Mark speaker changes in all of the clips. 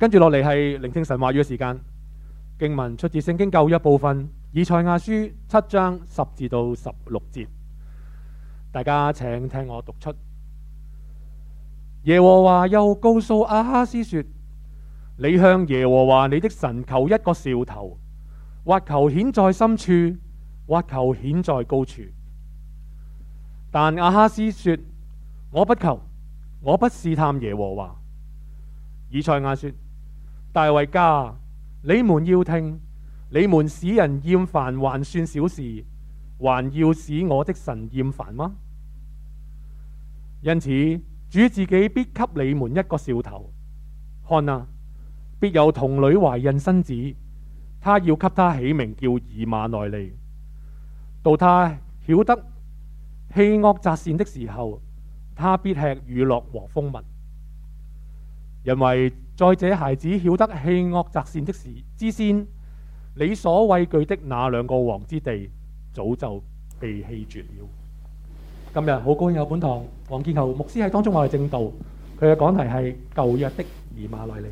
Speaker 1: 跟住落嚟係聆聽神話語嘅時間，經文出自聖經舊約部分以賽亞書七章十至到十六節，大家請聽我讀出。耶和華又告訴阿哈斯說：你向耶和華你的神求一個兆頭，或求顯在深處，或求顯在高處。但阿哈斯說：我不求，我不試探耶和華。以賽亞說。大衛家，你們要聽，你們使人厭煩還算小事，還要使我的神厭煩嗎？因此，主自己必給你們一個兆頭，看啊，必有童女懷孕生子，他要給她起名叫以馬內利。到他曉得棄惡擇善的時候，他必吃乳酪和蜂蜜，因為。在這，孩子曉得棄惡擇善的事之先，你所畏懼的那兩個王之地，早就被棄絕了。今日好高興有本堂黃建侯牧師喺當中，我係正道佢嘅講題係舊約的以馬內利。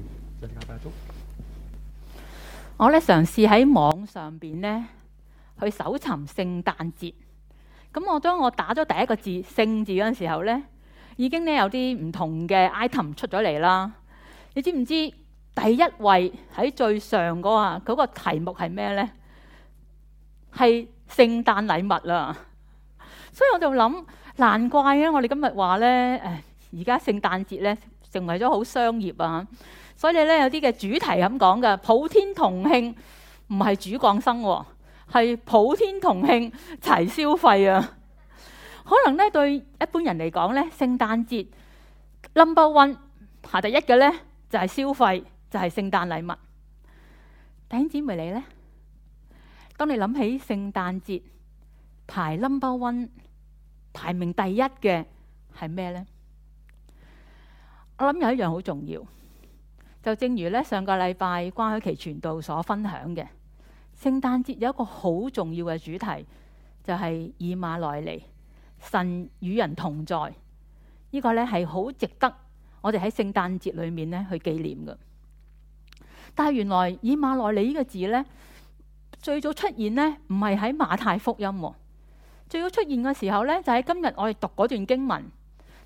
Speaker 2: 我呢嘗試喺網上面呢去搜尋聖誕節，咁我將我打咗第一個字聖字嗰陣時候呢，已經呢有啲唔同嘅 item 出咗嚟啦。你知唔知第一位喺最上嗰、啊嗰個題目係咩呢？係聖誕禮物啦，啊，所以我就諗難怪咧。我哋今日話呢，誒而家聖誕節呢，成為咗好商業啊，所以咧有啲嘅主題咁講㗎：「普天同慶，唔係主降生，啊，係普天同慶齊消費啊。」可能呢，對一般人嚟講呢，聖誕節 number one 排第一嘅呢。就係、是、消費，就係、是、聖誕禮物。弟兄姐妹你呢？當你諗起聖誕節排 number one 排名第一嘅係咩呢？我諗有一樣好重要，就正如咧上個禮拜關凱琪傳道所分享嘅，聖誕節有一個好重要嘅主題，就係、是、以馬內利，神與人同在。呢、這個咧係好值得。我哋喺聖誕節裏面咧去紀念嘅，但係原來以馬內利呢個字咧最早出現咧，唔係喺馬太福音，最早出現嘅時候咧就喺今日我哋讀嗰段經文，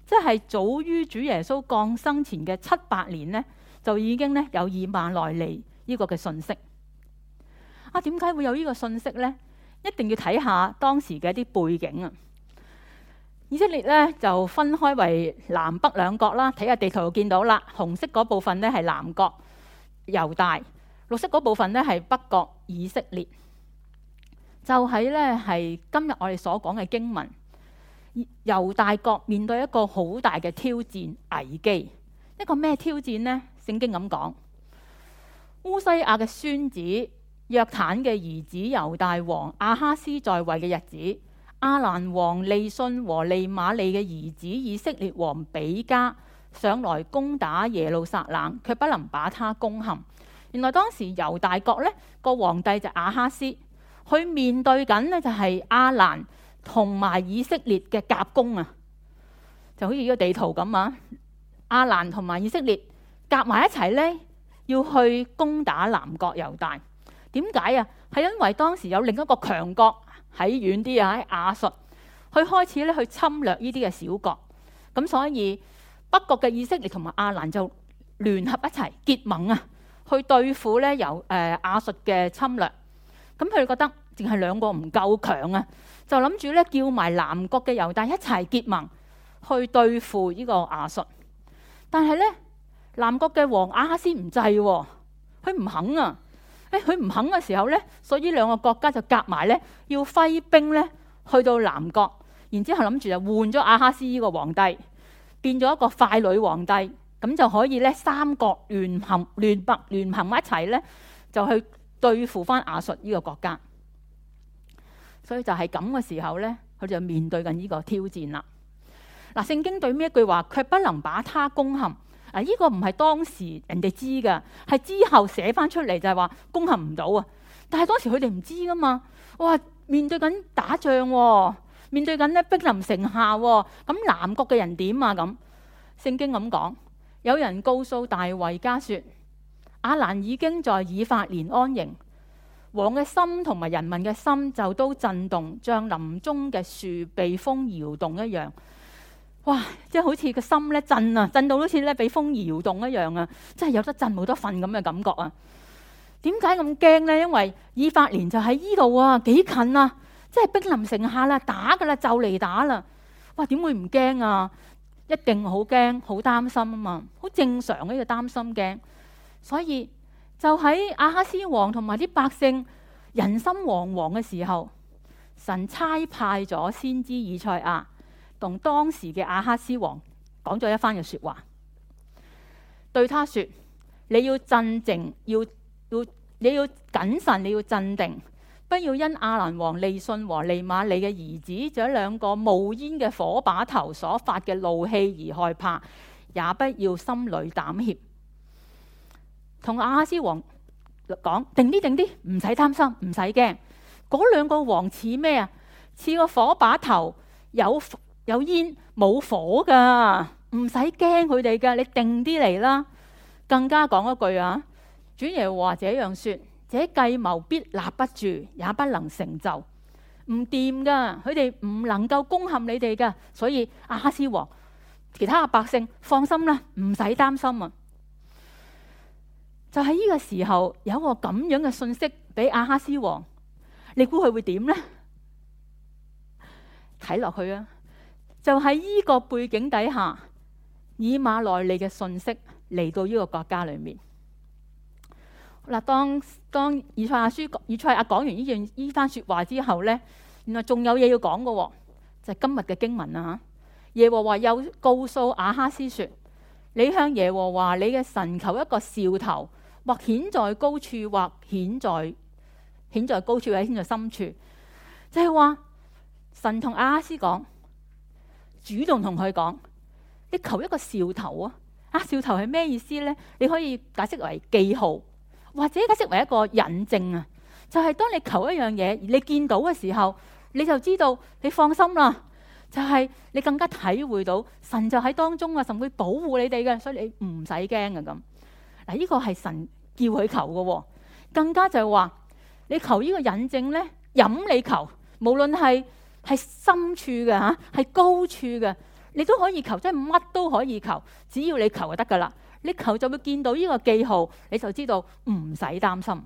Speaker 2: 即係早於主耶穌降生前嘅七八年咧，就已經咧有以馬內利呢個嘅信息。啊，點解會有呢個信息咧？一定要睇下當時嘅一啲背景啊！以色列呢就分開為南北兩國啦，睇下地圖就見到啦。紅色嗰部分呢係南國猶大，綠色嗰部分呢，係北國以色列。就喺呢，係今日我哋所講嘅經文，猶大國面對一個好大嘅挑戰危機。一個咩挑戰呢？聖經咁講，烏西亞嘅孫子約坦嘅兒子猶大王亞哈斯在位嘅日子。亞蘭王利汛和利瑪利嘅兒子以色列王比加上來攻打耶路撒冷，却不能把他攻陷。原來當時猶大國呢個皇帝就亞哈斯，佢面對緊呢就係亞蘭同埋以色列嘅夾攻啊，就好似一個地圖咁啊。亞蘭同埋以色列夾埋一齊呢，要去攻打南國猶大。點解啊？係因為當時有另一個強國。喺遠啲啊，喺亞述，佢開始咧去侵略呢啲嘅小國，咁所以北國嘅以色列同埋亞蘭就聯合一齊結盟啊，去對付咧由誒、呃、亞述嘅侵略。咁佢哋覺得淨係兩個唔夠強啊，就諗住咧叫埋南國嘅猶大一齊結盟去對付呢個亞述。但係咧，南國嘅王亞哈斯唔制喎，佢唔肯啊。佢、欸、唔肯嘅時候呢，所以這兩個國家就夾埋呢，要揮兵呢，去到南國，然之後諗住就換咗阿哈斯呢個皇帝，變咗一個傀儡皇帝，咁就可以呢，三國聯盟聯盟聯，聯盟一齊呢，就去對付翻亞述呢個國家。所以就係咁嘅時候呢，佢就面對緊呢個挑戰啦。嗱、啊，聖經對呢一句話，卻不能把他攻陷。啊！呢個唔係當時人哋知㗎，係之後寫翻出嚟就係話攻陷唔到啊！但係當時佢哋唔知噶嘛，哇！面對緊打仗、哦，面對緊呢兵臨城下、哦，咁南國嘅人點啊？咁聖經咁講，有人告訴大衞家說：阿蘭已經在以法蓮安營，王嘅心同埋人民嘅心就都震動，像林中嘅樹被風搖動一樣。哇！即係好似個心咧震啊，震到好似咧俾風搖動一樣啊！真係有得震冇得瞓咁嘅感覺啊！點解咁驚呢？因為以法蓮就喺依度啊，幾近啊！即係兵臨城下啦，打噶啦，就嚟打啦！哇！點會唔驚啊？一定好驚，好擔心啊嘛，好正常嘅呢個擔心驚。所以就喺亞哈斯王同埋啲百姓人心惶惶嘅時候，神差派咗先知以賽亞。同當時嘅亞哈斯王講咗一番嘅説話，對他說：你要鎮靜，要要，你要謹慎，你要鎮定，不要因亞蘭王利信和利瑪利嘅兒子這兩個冒煙嘅火把頭所發嘅怒氣而害怕，也不要心裏膽怯。同亞哈斯王講：定啲定啲，唔使擔心，唔使驚。嗰兩個王似咩啊？似個火把頭，有。有煙冇火㗎，唔使驚佢哋㗎，你定啲嚟啦。更加講一句啊，主耶話這樣説：這計謀必立不住，也不能成就，唔掂㗎，佢哋唔能夠攻陷你哋㗎。所以阿哈斯王，其他嘅百姓放心啦，唔使擔心啊。就喺呢個時候，有一個咁樣嘅信息俾阿哈斯王，你估佢會點呢？睇落去啊！就喺呢個背景底下，以馬內利嘅信息嚟到呢個國家裏面嗱。當當以賽亞書，以賽亞講完呢段呢番說話之後咧，原來仲有嘢要講嘅、哦，就係、是、今日嘅經文啦、啊、吓。耶和華又告訴亞哈斯說：，你向耶和華你嘅神求一個兆頭，或顯在高處，或顯在顯在高處，或者顯在深處，就係、是、話神同亞哈斯講。主動同佢講，你求一個兆頭啊！啊，兆頭係咩意思呢？你可以解釋為記號，或者解釋為一個引證啊。就係、是、當你求一樣嘢，你見到嘅時候，你就知道你放心啦。就係、是、你更加體會到神就喺當中啊，神會保護你哋嘅，所以你唔使驚啊。咁嗱，呢、這個係神叫佢求嘅、啊，更加就係話你求呢個引證呢，引你求，無論係。係深處嘅吓，係高處嘅，你都可以求，即係乜都可以求，只要你求就得噶啦。你求就會見到呢個記號，你就知道唔使擔心。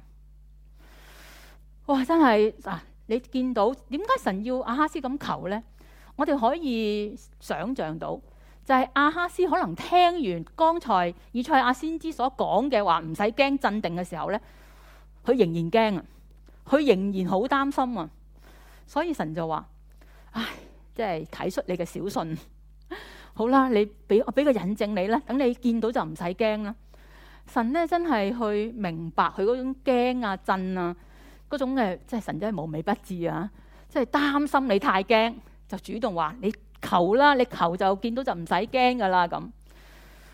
Speaker 2: 哇！真係啊，你見到點解神要阿哈斯咁求呢？我哋可以想象到，就係、是、阿哈斯可能聽完剛才以賽亞先知所講嘅話，唔使驚鎮定嘅時候呢，佢仍然驚啊，佢仍然好擔心啊，所以神就話。唉，即係睇出你嘅小信好啦。你俾我俾個引證你啦，等你見到就唔使驚啦。神呢真係去明白佢嗰種驚啊震啊嗰種嘅，即係神真係無微不至啊，即係擔心你太驚就主動話你求啦，你求就見到就唔使驚噶啦。咁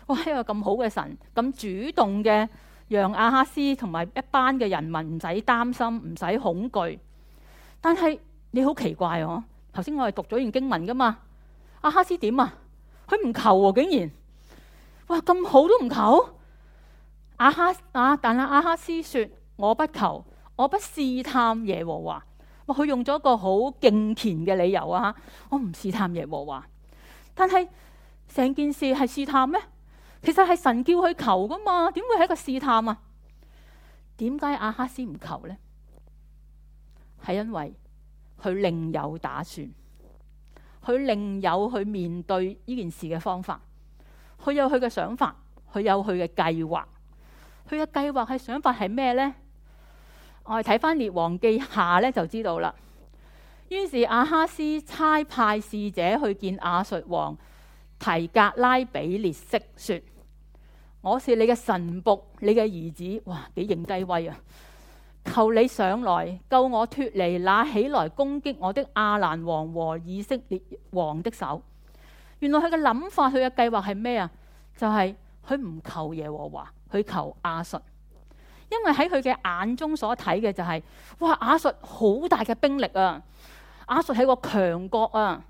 Speaker 2: 哇，一個咁好嘅神咁主動嘅，讓阿哈斯同埋一班嘅人民唔使擔心，唔使恐懼。但係你好奇怪喎、哦。頭先我係讀咗一段經文噶嘛？阿哈斯點啊？佢唔求喎、啊，竟然，哇咁好都唔求？阿哈啊，但係阿哈斯說我不求，我不試探耶和華。佢用咗一個好敬虔嘅理由啊！我唔試探耶和華。但係成件事係試探咩？其實係神叫佢求噶嘛？點會係一個試探啊？點解阿哈斯唔求呢？係因為。佢另有打算，佢另有去面對呢件事嘅方法，佢有佢嘅想法，佢有佢嘅計劃。佢嘅計劃、佢想法係咩呢？我哋睇翻《列王記下》咧，就知道啦。於是阿哈斯差派使者去見亞述王提格拉比列色，說：我是你嘅神僕，你嘅兒子。哇，幾認低威啊！求你上來救我脫離那起來攻擊我的亞蘭王和以色列王的手。原來佢嘅諗法，佢嘅計劃係咩啊？就係佢唔求耶和華，佢求亞述，因為喺佢嘅眼中所睇嘅就係、是、哇亞述好大嘅兵力啊，亞述係個強國啊，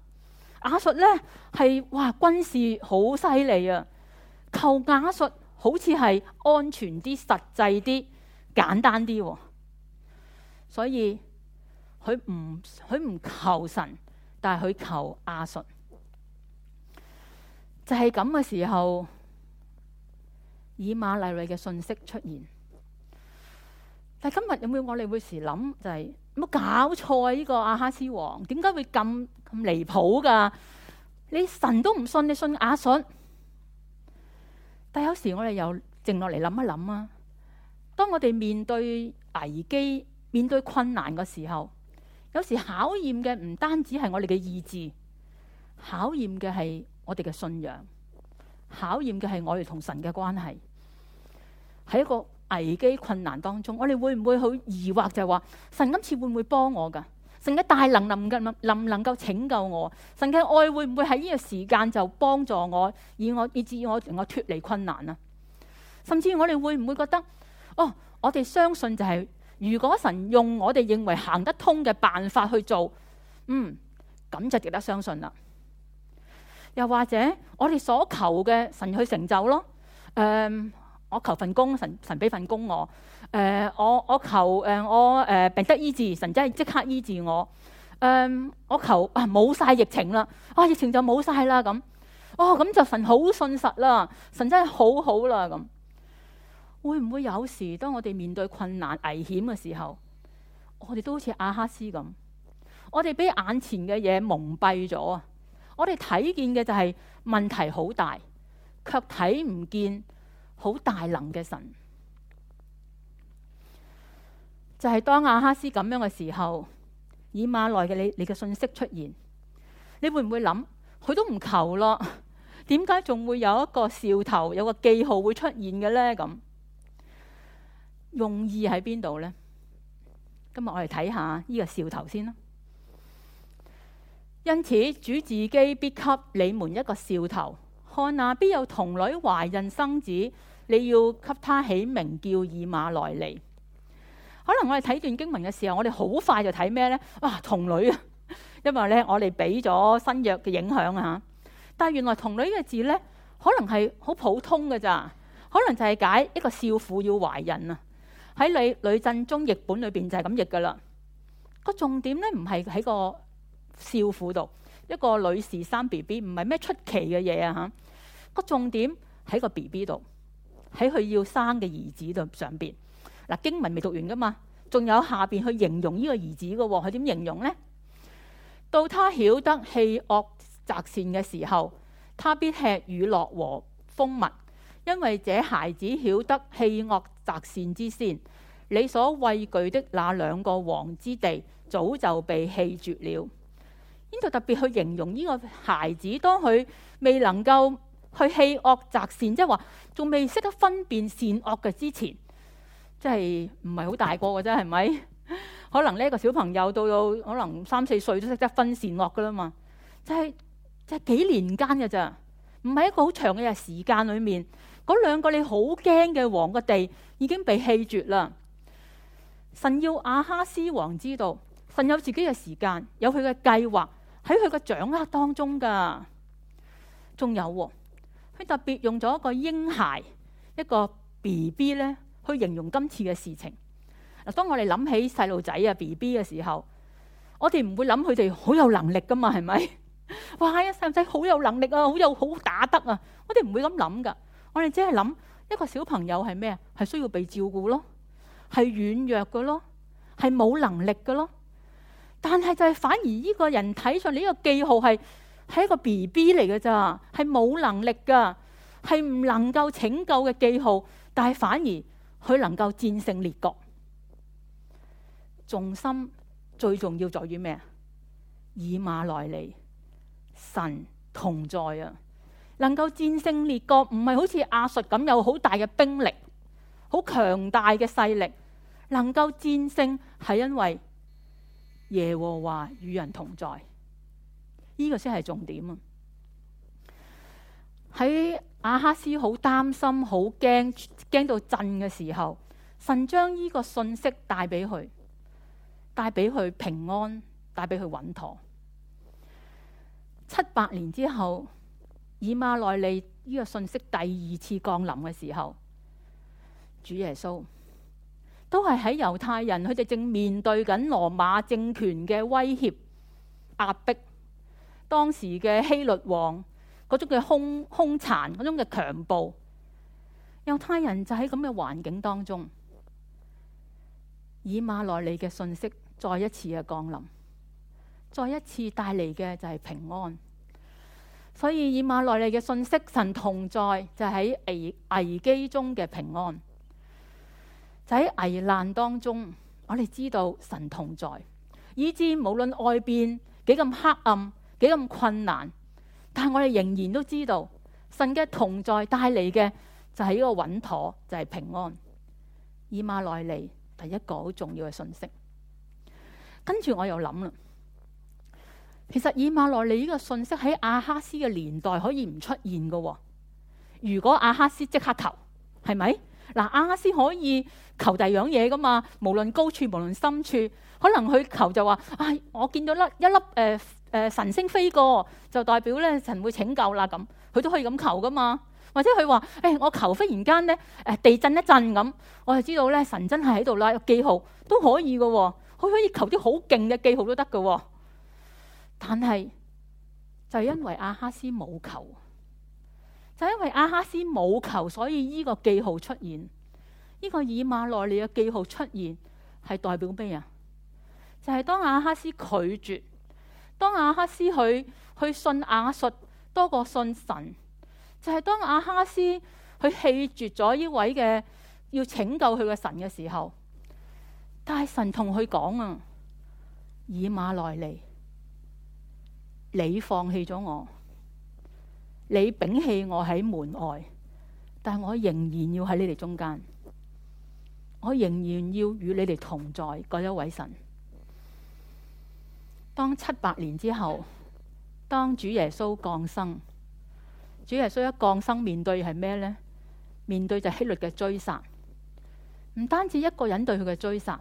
Speaker 2: 亞述呢？係哇軍事好犀利啊，求亞述好似係安全啲、實際啲、簡單啲、啊。所以佢唔佢唔求神，但係佢求阿信。就係咁嘅時候，以馬內利嘅信息出現。但係今日有冇我哋會時諗就係、是、冇搞錯啊？呢個阿哈斯王點解會咁咁離譜噶？你神都唔信，你信阿信。」但有時我哋又靜落嚟諗一諗啊。當我哋面對危機，面對困難嘅時候，有時考驗嘅唔單止係我哋嘅意志，考驗嘅係我哋嘅信仰，考驗嘅係我哋同神嘅關係。喺一個危機困難當中，我哋會唔會好疑惑，就係話神今次會唔會幫我噶？神嘅大能能唔能能唔能夠拯救我？神嘅愛會唔會喺呢個時間就幫助我，以我以至讓我脫離困難呢？甚至我哋會唔會覺得哦？我哋相信就係。如果神用我哋認為行得通嘅辦法去做，嗯，咁就值得相信啦。又或者我哋所求嘅神去成就咯。誒、嗯，我求份工，神神俾份工我。誒、呃，我我求誒、呃、我誒、呃、病得醫治，神真係即刻醫治我。誒、嗯，我求啊冇晒疫情啦，啊疫情就冇晒啦咁。哦，咁就神好信實啦，神真係好好啦咁。會唔會有時，當我哋面對困難、危險嘅時候，我哋都好似阿哈斯咁，我哋俾眼前嘅嘢蒙蔽咗啊！我哋睇見嘅就係問題好大，卻睇唔見好大能嘅神。就係、是、當阿哈斯咁樣嘅時候，以馬內嘅你你嘅信息出現，你會唔會諗佢都唔求咯？點解仲會有一個兆頭，有一個記號會出現嘅呢？咁？用意喺邊度呢？今日我哋睇下呢個兆頭先啦。因此，主自己必給你們一個兆頭，看哪必有童女懷孕生子。你要給她起名叫以馬內利。可能我哋睇段經文嘅時候，我哋好快就睇咩呢？哇、啊，童女啊！因為咧，我哋俾咗新約嘅影響啊。但係原來童女嘅字呢，可能係好普通㗎咋？可能就係解一個少婦要懷孕啊。喺呂呂振中譯本裏邊就係咁譯噶啦。個重點咧唔係喺個少婦度，一個女士生 B B 唔係咩出奇嘅嘢啊嚇。個重點喺個 B B 度，喺佢要生嘅兒子度上邊。嗱、啊、經文未讀完噶嘛，仲有下邊去形容呢個兒子嘅喎、啊，佢點形容咧？到他曉得棄惡擇善嘅時候，他必吃乳酪和蜂蜜。因為這孩子曉得棄惡擇善之先，你所畏懼的那兩個王之地早就被棄絕了。呢度特別去形容呢個孩子，當佢未能夠去棄惡擇善，即係話仲未識得分辨善惡嘅之前，即係唔係好大個嘅啫，係咪？可能呢個小朋友到到可能三四歲都識得分善惡噶啦嘛，就係就係幾年間嘅咋，唔係一個好長嘅時間裏面。嗰兩個你好驚嘅王嘅地已經被棄絕啦。神要阿哈斯王知道，神有自己嘅時間，有佢嘅計劃喺佢嘅掌握當中噶、啊。仲有喎，佢特別用咗一個嬰孩一個 B B 咧去形容今次嘅事情嗱。當我哋諗起細路仔啊 B B 嘅時候，我哋唔會諗佢哋好有能力噶嘛，係咪哇？呀，細路仔好有能力啊，好有好打得啊，我哋唔會咁諗噶。我哋只係諗一個小朋友係咩？係需要被照顧咯，係軟弱嘅咯，係冇能力嘅咯。但係就係反而呢個人睇上呢一個記號係係一個 B B 嚟嘅咋，係冇能力㗎，係唔能夠拯救嘅記號。但係反而佢能夠戰勝列國。重心最重要在於咩啊？以馬內利，神同在啊！能夠戰勝列國，唔係好似亞述咁有好大嘅兵力，好強大嘅勢力，能夠戰勝係因為耶和華與人同在，呢個先係重點啊！喺亞哈斯好擔心、好驚、驚到震嘅時候，神將呢個信息帶俾佢，帶俾佢平安，帶俾佢穩妥。七百年之後。以馬內利呢個信息第二次降臨嘅時候，主耶穌都係喺猶太人，佢哋正面對緊羅馬政權嘅威脅壓迫。當時嘅希律王嗰種嘅凶兇殘，嗰種嘅強暴，猶太人就喺咁嘅環境當中，以馬內利嘅信息再一次嘅降臨，再一次帶嚟嘅就係平安。所以以馬內利嘅信息，神同在就喺危危機中嘅平安，就喺危難當中，我哋知道神同在，以至無論外邊幾咁黑暗、幾咁困難，但係我哋仍然都知道神嘅同在帶嚟嘅就係一個穩妥，就係平安。以馬內利第一個好重要嘅信息，跟住我又諗啦。其實以馬內利呢個信息喺阿哈斯嘅年代可以唔出現嘅。哦，如果阿哈斯即刻求，係咪？嗱，阿哈斯可以求第二樣嘢噶嘛？無論高處，無論深處，可能佢求就話：唉，哎，我見到粒一粒誒誒，呃呃，神星飛過，就代表咧神會拯救啦咁，佢都可以咁求噶嘛？或者佢話：誒，哎，我求忽然間咧誒地震一震咁，我就知道咧神真係喺度啦，有記號都可以嘅喎。哦，佢可以求啲好勁嘅記號都得嘅喎。但係就因為亞哈斯冇求，就因為亞哈斯冇求，所以呢個記號出現，呢、這個以馬內利嘅記號出現係代表咩啊？就係、是、當亞哈斯拒絕，當亞哈斯去去信亞述多過信神，就係、是、當亞哈斯去棄絕咗呢位嘅要拯救佢嘅神嘅時候，但係神同佢講啊，以馬內利。你放棄咗我，你摒棄我喺門外，但我仍然要喺你哋中間，我仍然要與你哋同在。嗰一位神，當七百年之後，當主耶穌降生，主耶穌一降生，面對係咩呢？面對就係希律嘅追殺，唔單止一個人對佢嘅追殺，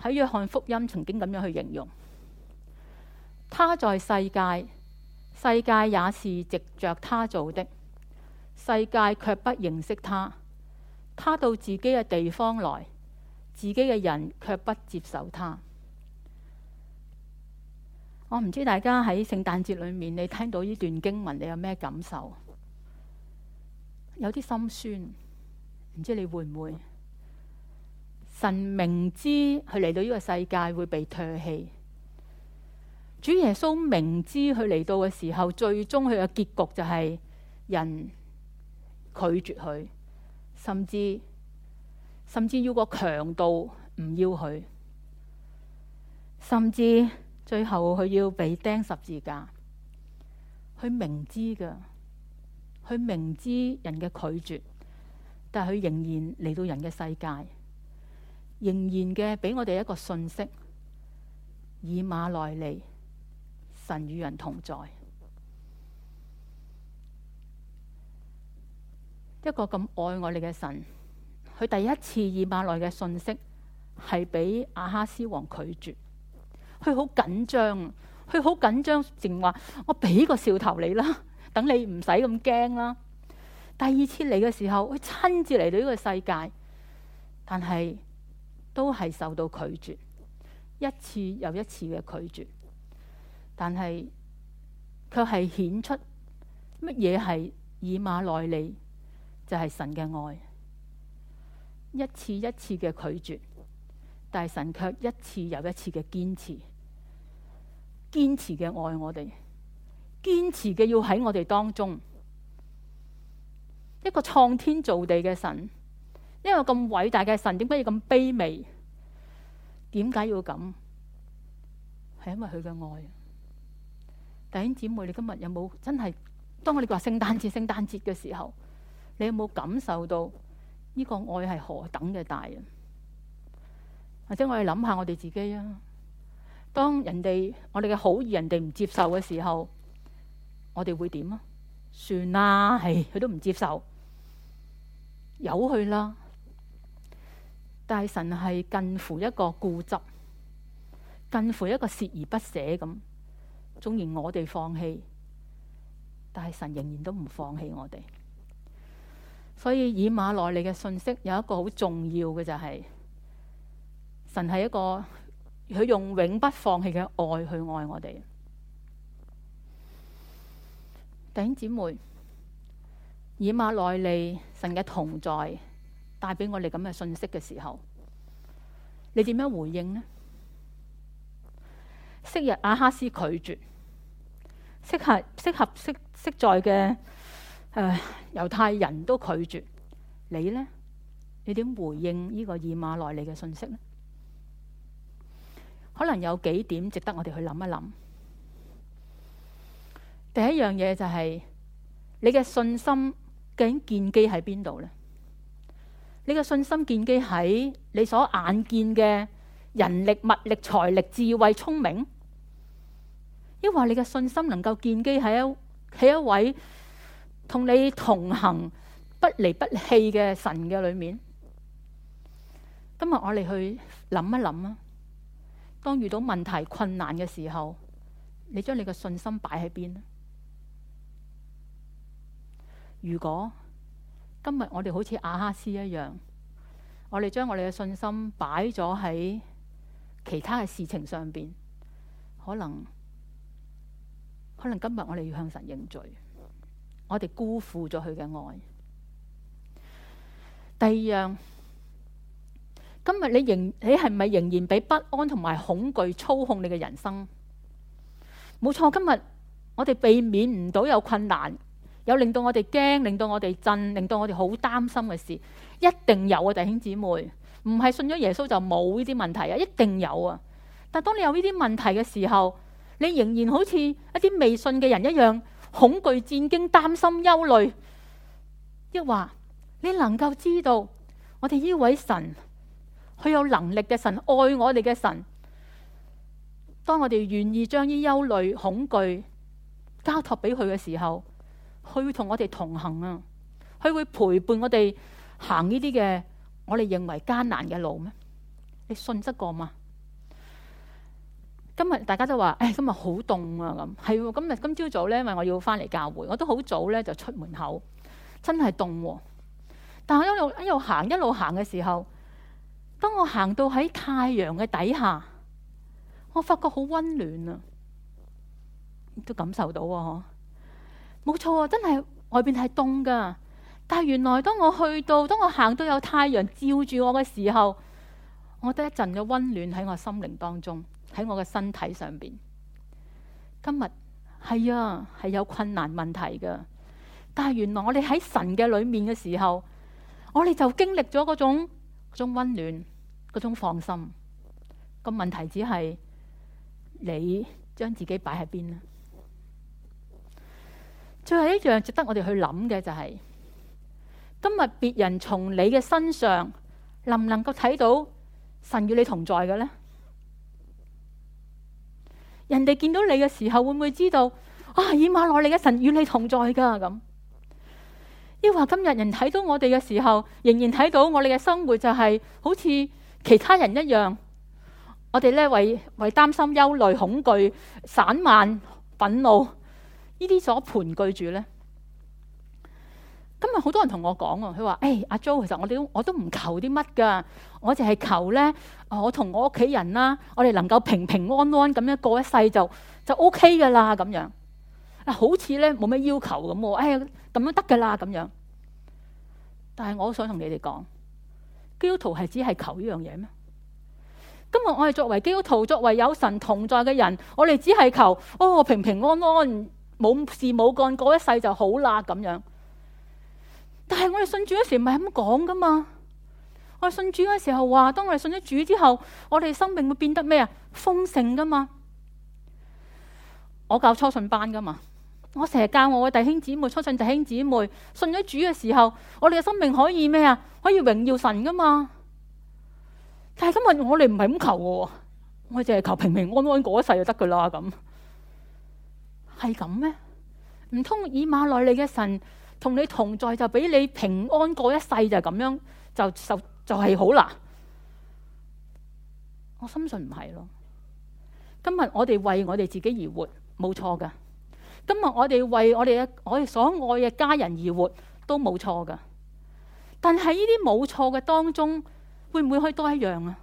Speaker 2: 喺約翰福音曾經咁樣去形容。他在世界，世界也是藉着他做的，世界卻不認識他。他到自己嘅地方來，自己嘅人却不接受他。我唔知大家喺聖誕節裏面，你聽到呢段經文，你有咩感受？有啲心酸，唔知你會唔會？神明知佢嚟到呢個世界會被唾棄。主耶穌明知佢嚟到嘅時候，最終佢嘅結局就係人拒絕佢，甚至甚至要個強盜唔要佢，甚至最後佢要被釘十字架。佢明知嘅，佢明知人嘅拒絕，但係佢仍然嚟到人嘅世界，仍然嘅俾我哋一個訊息：以馬內利。神與人同在，一個咁愛我哋嘅神，佢第一次以馬內利嘅信息係俾阿哈斯王拒絕，佢好緊張，佢好緊張，淨話我俾個兆頭你啦，等你唔使咁驚啦。第二次嚟嘅時候，佢親自嚟到呢個世界，但係都係受到拒絕，一次又一次嘅拒絕。但係，卻係顯出乜嘢係以馬內利，就係神嘅愛。一次一次嘅拒絕，但係神卻一次又一次嘅堅持，堅持嘅愛我哋，堅持嘅要喺我哋當中。一個創天造地嘅神，一個咁偉大嘅神，點解要咁卑微？點解要咁？係因為佢嘅愛弟兄姊妹，你今日有冇真係？當我哋話聖誕節，聖誕節嘅時候，你有冇感受到呢個愛係何等嘅大？或者我哋諗下我哋自己啊，當人哋我哋嘅好意，人哋唔接受嘅時候，我哋會點啊？算啦，係佢都唔接受，由佢啦。大神係近乎一個固執，近乎一個鍥而不捨咁。縱然我哋放棄，但係神仍然都唔放棄我哋。所以以馬內利嘅信息有一個好重要嘅就係、是，神係一個佢用永不放棄嘅愛去愛我哋。弟兄姊妹，以馬內利神嘅同在帶俾我哋咁嘅信息嘅時候，你點樣回應呢？昔日亞哈斯拒絕。適合適合適在嘅，誒、呃、猶太人都拒絕你，呢？你點回應呢個以馬內利嘅信息呢？可能有幾點值得我哋去諗一諗。第一樣嘢就係、是、你嘅信心究竟建基喺邊度呢？你嘅信心建基喺你所眼見嘅人力、物力、財力、智慧、聰明。因為你嘅信心能夠建基喺一喺一位同你同行不離不棄嘅神嘅裏面。今日我哋去諗一諗啊，當遇到問題困難嘅時候，你將你嘅信心擺喺邊？如果今日我哋好似阿哈斯一樣，我哋將我哋嘅信心擺咗喺其他嘅事情上面，可能，可能今日我哋要向神認罪，我哋辜負咗佢嘅愛。第二樣，今日你仍你係咪仍然俾不安同埋恐懼操控你嘅人生？冇錯，今日我哋避免唔到有困難，有令到我哋驚、令到我哋震、令到我哋好擔心嘅事，一定有啊！弟兄姊妹，唔係信咗耶穌就冇呢啲問題啊，一定有啊！但當你有呢啲問題嘅時候，你仍然好似一啲未信嘅人一樣，恐懼戰驚、擔心憂慮，亦話你能夠知道我哋呢位神，佢有能力嘅神，愛我哋嘅神。當我哋願意將呢憂慮、恐懼交託俾佢嘅時候，佢會同我哋同行啊！佢會陪伴我哋行呢啲嘅我哋認為艱難嘅路咩？你信得過嘛？今日大家都話誒、哎，今日好凍啊！咁係喎，今日今朝早咧，因為我要翻嚟教會，我都好早咧就出門口，真係凍喎。但係一路一路行一路行嘅時候，當我行到喺太陽嘅底下，我發覺好溫暖啊，都感受到啊。冇錯啊，沒錯，真係外邊係凍噶，但係原來當我去到，當我行到有太陽照住我嘅時候，我覺得一陣嘅溫暖喺我心靈當中。喺我嘅身體上邊，今日係啊，係有困難問題噶。但係原來我哋喺神嘅裏面嘅時候，我哋就經歷咗嗰種，嗰種溫暖，嗰種放心。個問題只係你將自己擺喺邊呢？最後一樣值得我哋去諗嘅就係、是，今日別人從你嘅身上能唔能夠睇到神與你同在嘅呢？人哋見到你嘅時候，會唔會知道啊？以馬內利嘅神與你同在噶咁。亦或今日人睇到我哋嘅時候，仍然睇到我哋嘅生活就係好似其他人一樣。我哋咧為為擔心、憂慮、恐懼、散漫、憤怒，呢啲所盤踞住呢。今日好多人同我講啊，佢話：誒、哎，阿 Jo，其實我哋我都唔求啲乜噶，我就係求呢。」我同我屋企人啦，我哋能夠平平安安咁樣過一世就就 OK 噶啦，咁樣，啊好似咧冇咩要求咁喎，誒、哎、咁樣得噶啦咁樣。但係我想同你哋講，基督徒係只係求呢樣嘢咩？今日我哋作為基督徒，作為有神同在嘅人，我哋只係求哦平平安安，冇事冇干過一世就好啦咁樣。但係我哋信主嗰時唔係咁講噶嘛？我信主嘅時候話，當我哋信咗主之後，我哋生命會變得咩啊？豐盛噶嘛？我教初信班噶嘛？我成日教我嘅弟兄姊妹，初信弟兄姊妹信咗主嘅時候，我哋嘅生命可以咩啊？可以榮耀神噶嘛？但係今日我哋唔係咁求嘅，我淨係求平平安安過一世就得噶啦咁，係咁咩？唔通以馬內利嘅神同你同在就俾你平安過一世就咁樣就受？就係、是、好啦，我深信唔係咯。今日我哋為我哋自己而活，冇錯噶。今日我哋為我哋嘅我所愛嘅家人而活，都冇錯噶。但喺呢啲冇錯嘅當中，會唔會可以多一樣啊？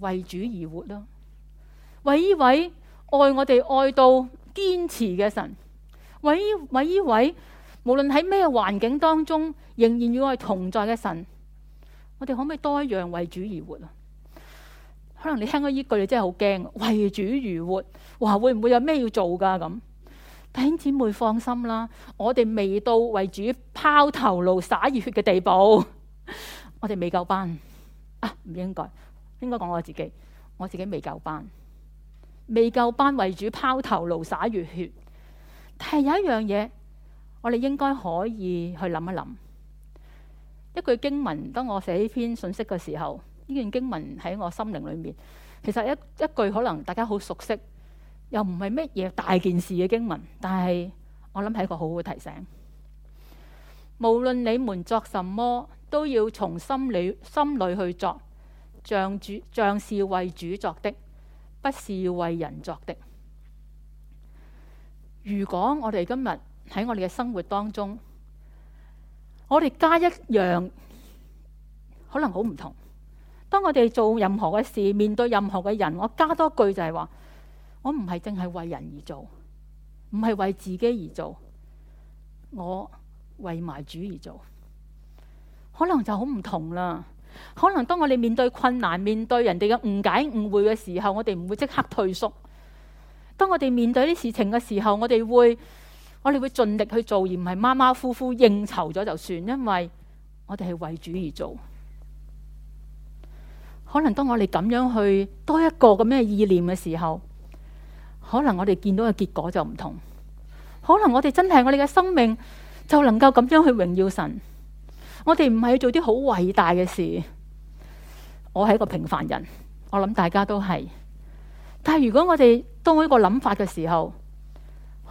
Speaker 2: 為主而活啦，為呢位愛我哋愛到堅持嘅神，為呢位呢位無論喺咩環境當中，仍然與我哋同在嘅神。我哋可唔可以多一樣為主而活啊？可能你聽到呢句，你真係好驚，為主而活，哇！會唔會有咩要做噶咁？弟兄姊妹放心啦，我哋未到為主拋頭顱灑熱血嘅地步，我哋未夠班啊！唔應該，應該講我自己，我自己未夠班，未夠班為主拋頭顱灑熱血。但係有一樣嘢，我哋應該可以去諗一諗。一句經文，當我寫呢篇信息嘅時候，呢段經文喺我心靈裏面，其實一一句可能大家好熟悉，又唔係乜嘢大件事嘅經文，但係我諗係一個好好提醒。無論你們作什麼，都要從心裏心裏去作，像主像是為主作的，不是為人作的。如果我哋今日喺我哋嘅生活當中，我哋加一樣，可能好唔同。當我哋做任何嘅事，面對任何嘅人，我加多句就係話：我唔係淨係為人而做，唔係為自己而做，我為埋主而做。可能就好唔同啦。可能當我哋面對困難、面對人哋嘅誤解、誤會嘅時候，我哋唔會即刻退縮。當我哋面對啲事情嘅時候，我哋會。我哋會盡力去做，而唔係馬馬虎虎應酬咗就算。因為我哋係為主而做。可能當我哋咁樣去多一個咁嘅意念嘅時候，可能我哋見到嘅結果就唔同。可能我哋真係我哋嘅生命就能夠咁樣去榮耀神。我哋唔係去做啲好偉大嘅事。我係一個平凡人，我諗大家都係。但係如果我哋多一個諗法嘅時候，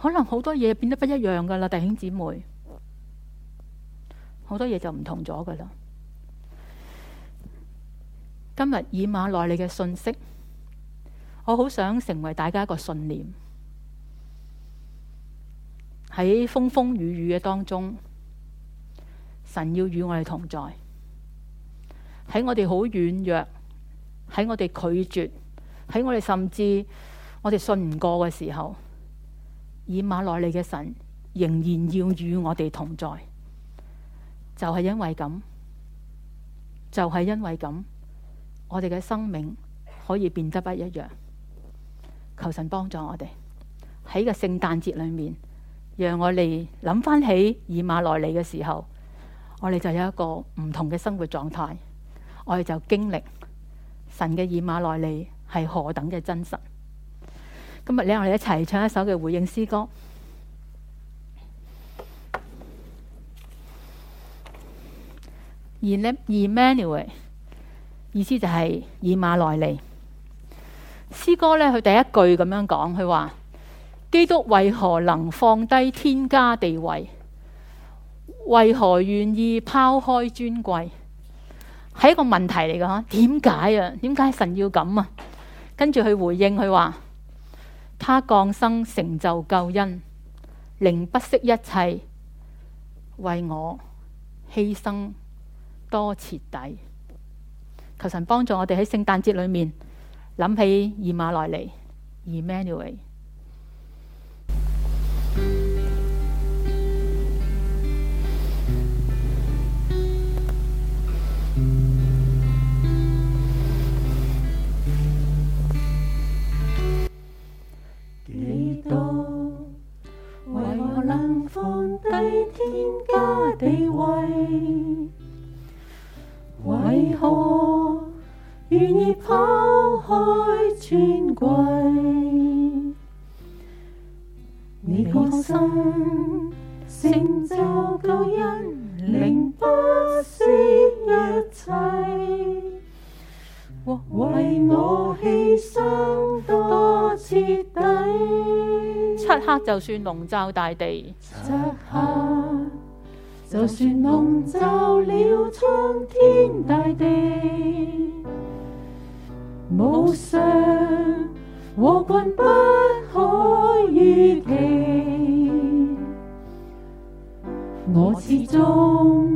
Speaker 2: 可能好多嘢變得不一樣噶啦，弟兄姊妹，好多嘢就唔同咗噶啦。今日以馬內利嘅信息，我好想成為大家一個信念。喺風風雨雨嘅當中，神要與我哋同在。喺我哋好軟弱，喺我哋拒絕，喺我哋甚至我哋信唔過嘅時候。以馬內利嘅神仍然要與我哋同在，就係因為咁，就係因為咁，我哋嘅生命可以變得不一樣。求神幫助我哋喺個聖誕節裏面，讓我哋諗翻起以馬內利嘅時候，我哋就有一個唔同嘅生活狀態，我哋就經歷神嘅以馬內利係何等嘅真實。今日咧，我哋一齊唱一首嘅回應詩歌。而咧，而 Manuel 意思就係以馬內利。詩歌呢，佢第一句咁樣講，佢話基督為何能放低天家地位？為何願意拋開尊貴？係一個問題嚟噶，吓，點解啊？點解神要咁啊？跟住佢回應佢話。他降生成就救恩，令不惜一切為我犧牲多徹底。求神幫助我哋喺聖誕節裏面諗起以馬內利，Emanuel。
Speaker 3: 道為何能放低天家地位？
Speaker 1: 為
Speaker 3: 何願意拋開尊貴？你個心成就救恩，令不惜一切，為、啊、我犧
Speaker 2: 牲多徹底？漆黑就算籠罩大地，漆
Speaker 3: 黑就算籠罩了蒼天大地，無常和困不可預期，我始終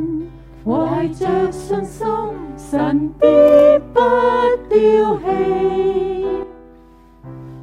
Speaker 3: 懷着信心，神必不丟棄。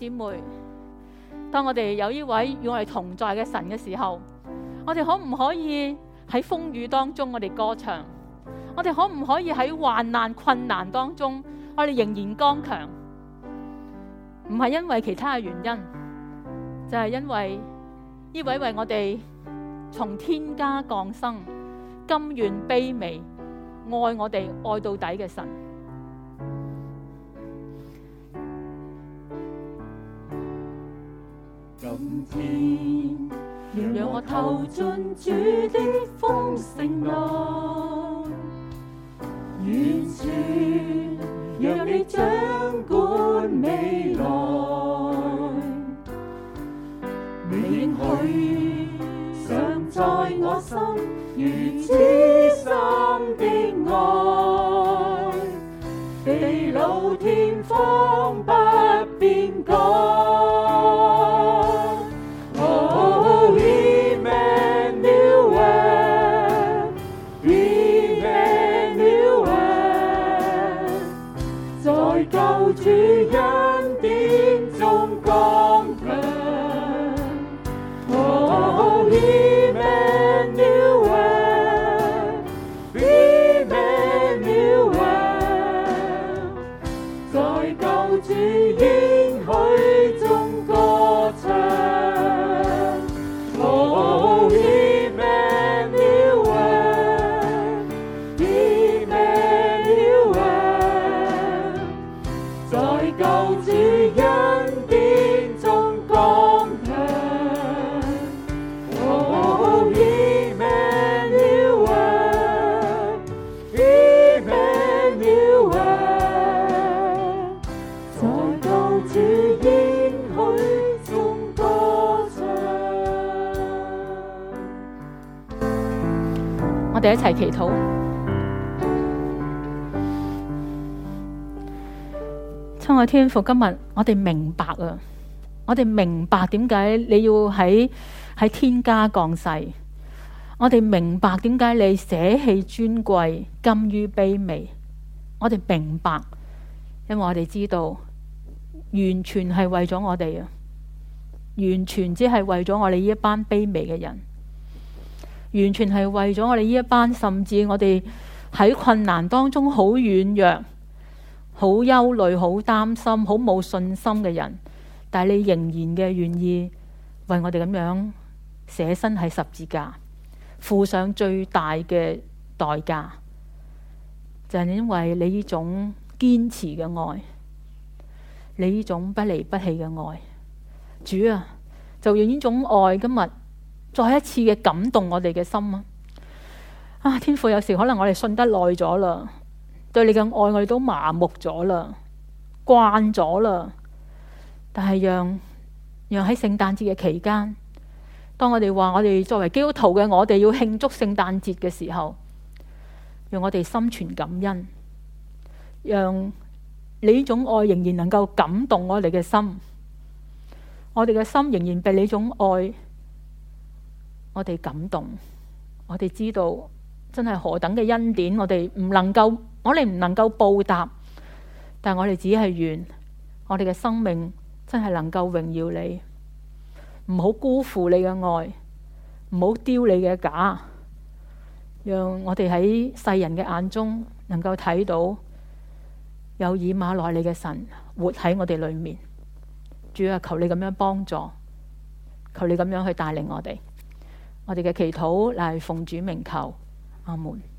Speaker 2: 姊妹，當我哋有呢位與我哋同在嘅神嘅時候，我哋可唔可以喺風雨當中我哋歌唱？我哋可唔可以喺患難困難當中，我哋仍然剛強？唔係因為其他嘅原因，就係因為呢位為我哋從天家降生、甘願卑微、愛我哋愛到底嘅神。
Speaker 3: 今天，讓我投進主的豐盛內。願說，讓你掌管未來。願許，常在我心，如此。
Speaker 2: 在救主恩許中歌唱，我哋一齊祈禱。親愛天父，今日我哋明白啊，我哋明白點解你要喺喺天家降世，我哋明白點解你捨棄尊貴，甘於卑微，我哋明白，因為我哋知道。完全係為咗我哋啊！完全只係為咗我哋呢一班卑微嘅人，完全係為咗我哋呢一班甚至我哋喺困難當中好軟弱、好憂慮、好擔心、好冇信心嘅人。但係你仍然嘅願意為我哋咁樣捨身喺十字架，付上最大嘅代價，就係、是、因為你呢種堅持嘅愛。你呢種不離不棄嘅愛，主啊，就用呢種愛今日再一次嘅感動我哋嘅心啊！啊，天父有時可能我哋信得耐咗啦，對你嘅愛我哋都麻木咗啦，慣咗啦。但係讓讓喺聖誕節嘅期間，當我哋話我哋作為基督徒嘅，我哋要慶祝聖誕節嘅時候，讓我哋心存感恩，讓。你呢種愛仍然能夠感動我哋嘅心，我哋嘅心仍然被你種愛，我哋感動，我哋知道真係何等嘅恩典，我哋唔能夠，我哋唔能夠報答，但我哋只係願，我哋嘅生命真係能夠榮耀你，唔好辜負你嘅愛，唔好丟你嘅假，讓我哋喺世人嘅眼中能夠睇到。有以馬內利嘅神活喺我哋裏面，主要求你咁樣幫助，求你咁樣去帶領我哋，我哋嘅祈禱嚟，奉主名求，阿門。